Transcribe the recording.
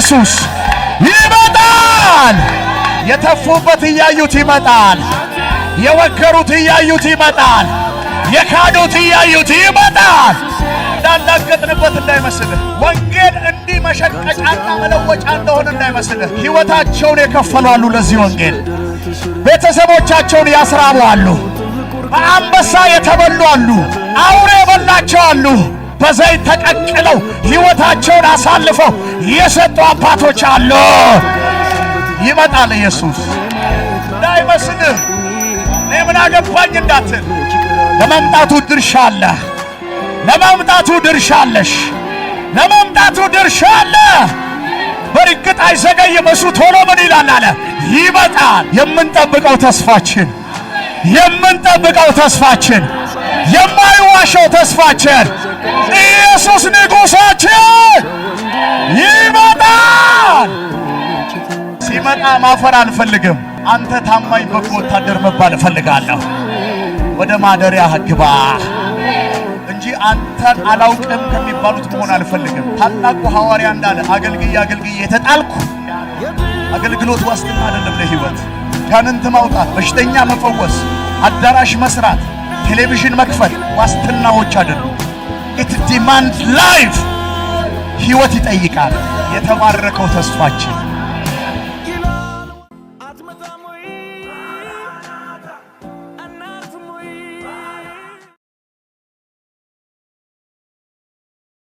ኢየሱስ ይመጣል። የተፉበት እያዩት ይመጣል። የወከሩት እያዩት ይመጣል። የካዱት እያዩት ይመጣል። እንዳላገጥንበት እንዳይመስልህ ወንጌል እንዲህ መሸቀጫና መለወጫ እንደሆነ እንዳይመስልህ። ሕይወታቸውን የከፈሏሉ ለዚህ ወንጌል ቤተሰቦቻቸውን ያስራቡ አሉ። በአንበሳ የተበሉ አሉ። አውሬ የበላቸው አሉ። በዘይት ተቀቅለው ሕይወታቸውን አሳልፈው የሰጡ አባቶች አሉ። ይመጣል ኢየሱስ። እንዳይመስልህ እኔ ምን አገባኝ እንዳትል፣ ለመምጣቱ ድርሻ አለ። ለመምጣቱ ድርሻ አለሽ። ለመምጣቱ ድርሻ አለ። በርግጥ አይዘገይም። እሱ ቶሎ ምን ይላል አለ ይመጣል። የምንጠብቀው ተስፋችን የምንጠብቀው ተስፋችን የማይ አበላሸው ተስፋችን። ኢየሱስ ንጉሳችን ይመጣል። ሲመጣ ማፈር አልፈልግም። አንተ ታማኝ በጎ ወታደር መባል እፈልጋለሁ። ወደ ማደሪያ ግባ እንጂ አንተን አላውቅም ከሚባሉት መሆን አልፈልግም። ታላቁ ሐዋርያ እንዳለ አገልግዬ አገልግዬ የተጣልኩ አገልግሎት ዋስትና አይደለም ለሕይወት። ጋንንት ማውጣት፣ በሽተኛ መፈወስ፣ አዳራሽ መስራት ቴሌቪዥን መክፈት ዋስትናዎች አይደሉም። ኢት ዲማንድ ላይፍ ህይወት ይጠይቃል። የተባረከው ተስፋችን